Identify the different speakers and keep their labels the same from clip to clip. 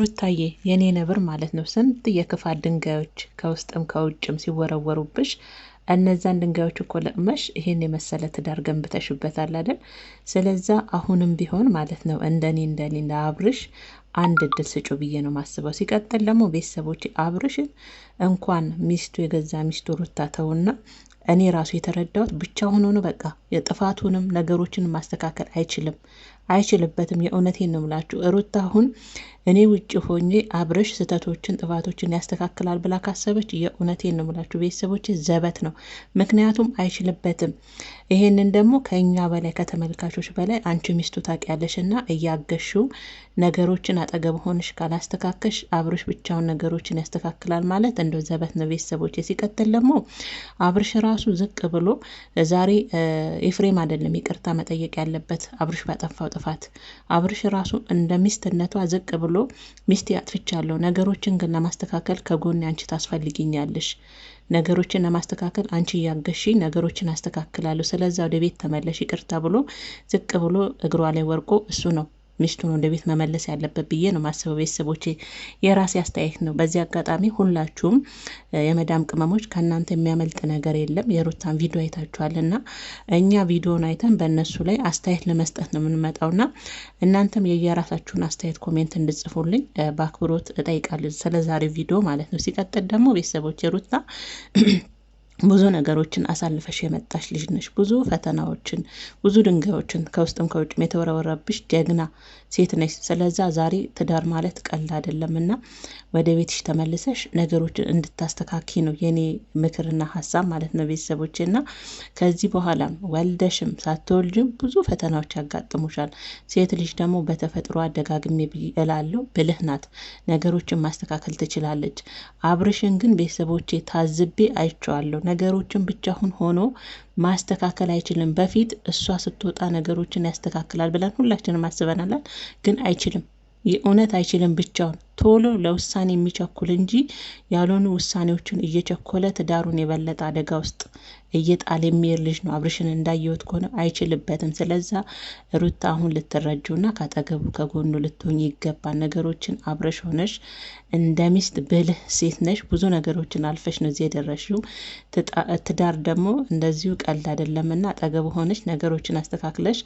Speaker 1: ሩታዬ የእኔ ነብር ማለት ነው። ስንት የክፋት ድንጋዮች ከውስጥም ከውጭም ሲወረወሩብሽ እነዛን ድንጋዮች እኮ ለቅመሽ ይሄን የመሰለ ትዳር ገንብተሽበታል አይደል? ስለዛ አሁንም ቢሆን ማለት ነው እንደኔ እንደኔ ለአብርሽ አንድ እድል ስጩ ብዬ ነው ማስበው። ሲቀጥል ደግሞ ቤተሰቦች አብርሽን እንኳን ሚስቱ የገዛ ሚስቱ ሩታ ተውና እኔ ራሱ የተረዳሁት ብቻ ሆኖ በቃ የጥፋቱንም ነገሮችን ማስተካከል አይችልም። አይችልበትም። የእውነቴን ነው ምላችሁ ሩታ አሁን እኔ ውጭ ሆኜ አብረሽ ስህተቶችን ጥፋቶችን ያስተካክላል ብላ ካሰበች የእውነቴን ነው ምላችሁ ቤተሰቦች ዘበት ነው። ምክንያቱም አይችልበትም። ይሄንን ደግሞ ከእኛ በላይ ከተመልካቾች በላይ አንቺ ሚስቱ ታውቂያለሽ እና እያገሹ ነገሮችን አጠገብ ሆንሽ ካላስተካከሽ አብረሽ ብቻውን ነገሮችን ያስተካክላል ማለት እንደ ዘበት ነው ቤተሰቦች። ሲቀጥል ደግሞ አብርሽ ራሱ ዝቅ ብሎ ዛሬ ኤፍሬም አይደለም ይቅርታ መጠየቅ ያለበት አብርሽ ባጠፋው ለማጥፋት አብርሽ ራሱ እንደ ሚስትነቷ ዝቅ ብሎ ሚስት ያጥፍቻለሁ፣ ነገሮችን ግን ለማስተካከል ከጎን አንቺ ታስፈልግኛለሽ፣ ነገሮችን ለማስተካከል አንቺ እያገሺ ነገሮችን አስተካክላለሁ፣ ስለዛ ወደ ቤት ተመለሽ ይቅርታ ብሎ ዝቅ ብሎ እግሯ ላይ ወርቆ እሱ ነው ምሽቱን ወደ ቤት መመለስ ያለበት ብዬ ነው ማስበው። ቤተሰቦች የራሴ አስተያየት ነው። በዚህ አጋጣሚ ሁላችሁም የመዳም ቅመሞች ከእናንተ የሚያመልጥ ነገር የለም። የሩታን ቪዲዮ አይታችኋል እና እኛ ቪዲዮን አይተን በእነሱ ላይ አስተያየት ለመስጠት ነው የምንመጣው እና እናንተም የየራሳችሁን አስተያየት ኮሜንት እንድጽፉልኝ በአክብሮት እጠይቃለሁ። ስለዛሬ ቪዲዮ ማለት ነው። ሲቀጥል ደግሞ ቤተሰቦች የሩታ ብዙ ነገሮችን አሳልፈሽ የመጣሽ ልጅ ነሽ። ብዙ ፈተናዎችን፣ ብዙ ድንጋዮችን ከውስጥም ከውጭም የተወረወረብሽ ጀግና ሴት ነሽ። ስለዛ ዛሬ ትዳር ማለት ቀልድ አይደለም እና ወደ ቤትሽ ተመልሰሽ ነገሮችን እንድታስተካኪ ነው የኔ ምክርና ሀሳብ ማለት ነው ቤተሰቦች እና ከዚህ በኋላም ወልደሽም ሳትወልጅም ብዙ ፈተናዎች ያጋጥሙሻል። ሴት ልጅ ደግሞ በተፈጥሮ አደጋግሜ እላለሁ ብልህ ናት። ነገሮችን ማስተካከል ትችላለች። አብርሽን ግን ቤተሰቦቼ ታዝቤ አይቼዋለሁ። ነገሮችን ብቻውን ሆኖ ማስተካከል አይችልም። በፊት እሷ ስትወጣ ነገሮችን ያስተካክላል ብለን ሁላችንም አስበናላል፣ ግን አይችልም፣ የእውነት አይችልም ብቻውን ቶሎ ለውሳኔ የሚቸኩል እንጂ ያልሆኑ ውሳኔዎችን እየቸኮለ ትዳሩን የበለጠ አደጋ ውስጥ እየጣል የሚሄድ ልጅ ነው። አብርሽን እንዳየወት ከሆነ አይችልበትም። ስለዛ ሩታ አሁን ልትረጁና ካጠገቡ ከጎኑ ልትሆኝ ይገባል። ነገሮችን አብረሽ ሆነሽ እንደ ሚስት ብልህ ሴት ነሽ። ብዙ ነገሮችን አልፈሽ ነው እዚህ የደረሽው። ትዳር ደግሞ እንደዚሁ ቀልድ አይደለምና አጠገቡ ሆነሽ ነገሮችን አስተካክለሽ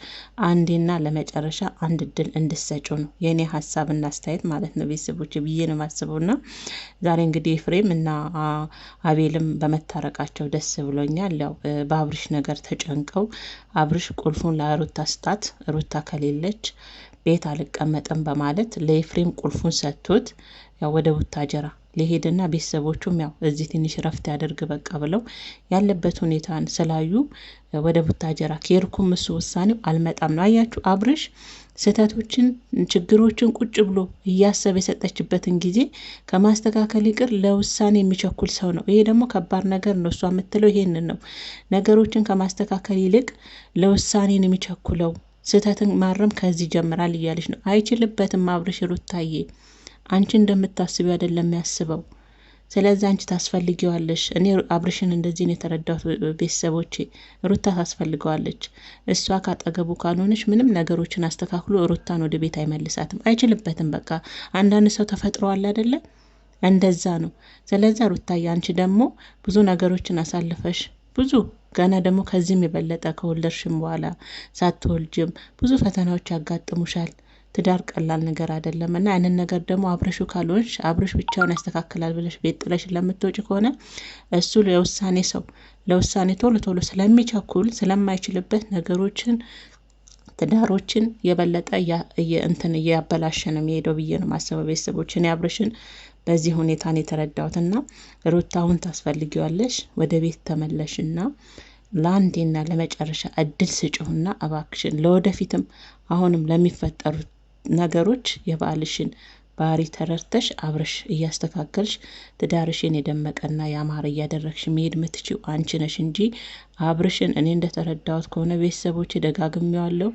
Speaker 1: አንዴና ለመጨረሻ አንድ እድል እንድሰጩ ነው የእኔ ሀሳብና አስተያየት ማለት ነው ቤተሰብ ቤተሰቦች ብዬ ነው የማስበው። ና ዛሬ እንግዲህ ኤፍሬም እና አቤልም በመታረቃቸው ደስ ብሎኛል። ያው በአብርሽ ነገር ተጨንቀው አብርሽ ቁልፉን ለሩታ ስጣት፣ ሩታ ከሌለች ቤት አልቀመጥም በማለት ለኤፍሬም ቁልፉን ሰጥቶት ያው ወደ ቡታጀራ ሊሄድና ቤተሰቦቹም ያው እዚህ ትንሽ ረፍት ያደርግ በቃ ብለው ያለበት ሁኔታን ስላዩ ወደ ቡታጀራ ከሄድኩም እሱ ውሳኔው አልመጣም ነው። አያችሁ አብርሽ ስህተቶችን፣ ችግሮችን ቁጭ ብሎ እያሰበ የሰጠችበትን ጊዜ ከማስተካከል ይቅር ለውሳኔ የሚቸኩል ሰው ነው። ይሄ ደግሞ ከባድ ነገር ነው። እሷ የምትለው ይሄንን ነው። ነገሮችን ከማስተካከል ይልቅ ለውሳኔን የሚቸኩለው ስህተትን ማረም ከዚህ ጀምራል እያለች ነው። አይችልበትም አብርሽ ሩታዬ አንቺ እንደምታስቢው አይደለም ያስበው። ስለዚህ አንቺ ታስፈልጊዋለሽ። እኔ አብርሽን እንደዚህ ነው የተረዳሁት። ቤተሰቦቼ ሩታ ታስፈልገዋለች። እሷ ካጠገቡ ካልሆነች ምንም ነገሮችን አስተካክሎ ሩታን ወደ ቤት አይመልሳትም፣ አይችልበትም። በቃ አንዳንድ ሰው ተፈጥሯል አይደለ? እንደዛ ነው። ስለዚ ሩታዬ አንቺ ደግሞ ብዙ ነገሮችን አሳልፈሽ ብዙ ገና ደግሞ ከዚህም የበለጠ ከወለድሽም በኋላ ሳትወልጅም ብዙ ፈተናዎች ያጋጥሙሻል። ትዳር ቀላል ነገር አይደለም እና ያንን ነገር ደግሞ አብረሹ ካልሆንሽ አብረሽ ብቻውን ያስተካክላል ብለሽ ቤት ጥለሽ ለምትወጪ ከሆነ እሱ ለውሳኔ ሰው ለውሳኔ ቶሎ ቶሎ ስለሚቸኩል ስለማይችልበት ነገሮችን ትዳሮችን የበለጠ እንትን እያበላሸ ነው የሚሄደው ብዬ ነው ማሰበ ቤተሰቦችን ያብረሽን በዚህ ሁኔታ ነው የተረዳሁትና ሩታ አሁን ታስፈልጊዋለሽ። ወደ ቤት ተመለሽና ለአንዴና ለመጨረሻ እድል ስጭሁና እባክሽን ለወደፊትም አሁንም ለሚፈጠሩት ነገሮች የባልሽን ባህሪ ተረድተሽ አብረሽ እያስተካከልሽ ትዳርሽን የደመቀና ያማረ እያደረግሽ መሄድ የምትችው አንቺ ነሽ እንጂ አብርሽን እኔ እንደተረዳሁት ከሆነ ቤተሰቦች ደጋግሜዋለሁ፣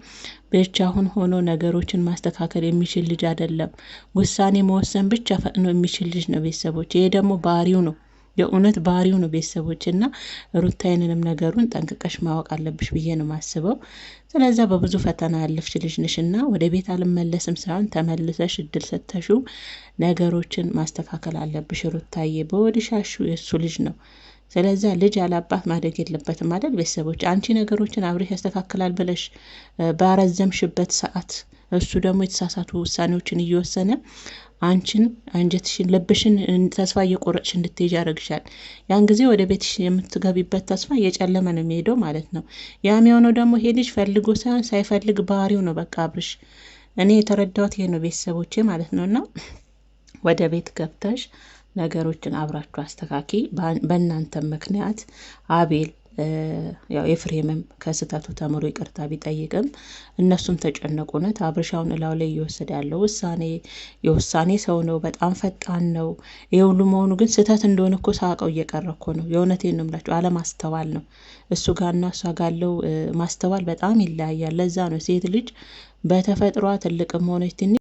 Speaker 1: ብቻውን ሆኖ ነገሮችን ማስተካከል የሚችል ልጅ አይደለም። ውሳኔ መወሰን ብቻ ፈጥኖ የሚችል ልጅ ነው ቤተሰቦች። ይሄ ደግሞ ባህሪው ነው። የእውነት ባህሪው ነው ቤተሰቦች እና ሩታይንንም ነገሩን ጠንቅቀሽ ማወቅ አለብሽ ብዬ ነው ማስበው። ስለዛ በብዙ ፈተና ያለፍሽ ልጅ ነሽ እና ወደ ቤት አልመለስም ሳይሆን ተመልሰሽ እድል ሰተሹ ነገሮችን ማስተካከል አለብሽ ሩታዬ። በወድሻሹ የእሱ ልጅ ነው። ስለዚያ ልጅ ያላባት ማደግ የለበትም ማለት ቤተሰቦች። አንቺ ነገሮችን አብሬሽ ያስተካክላል ብለሽ ባረዘምሽበት ሰዓት እሱ ደግሞ የተሳሳቱ ውሳኔዎችን እየወሰነ አንቺን አንጀትሽን ልብሽን ተስፋ እየቆረጥሽ እንድትሄጅ ያደርግሻል። ያን ጊዜ ወደ ቤትሽ የምትገቢበት ተስፋ እየጨለመ ነው የሚሄደው ማለት ነው። ያም የሆነው ደግሞ ይሄ ልጅ ፈልጎ ሳይሆን ሳይፈልግ ባህሪው ነው። በቃ አብርሽ፣ እኔ የተረዳሁት ይሄ ነው ቤተሰቦቼ ማለት ነው። እና ወደ ቤት ገብተሽ ነገሮችን አብራችሁ አስተካኪ። በእናንተ ምክንያት አቤል ያው ኤፍሬምም ከስህተቱ ተምሮ ይቅርታ ቢጠይቅም እነሱም ተጨነቁ። እውነት አብርሻውን እላው ላይ እየወሰደ ያለው ውሳኔ የውሳኔ ሰው ነው፣ በጣም ፈጣን ነው። ይሄ ሁሉ መሆኑ ግን ስህተት እንደሆነ እኮ ሳቀው እየቀረ እኮ ነው። የእውነት ነው የምላቸው፣ አለማስተዋል ነው። እሱ ጋርና እሷ ጋለው ማስተዋል በጣም ይለያያል። ለዛ ነው ሴት ልጅ በተፈጥሯ ትልቅም ሆነች ትንሽ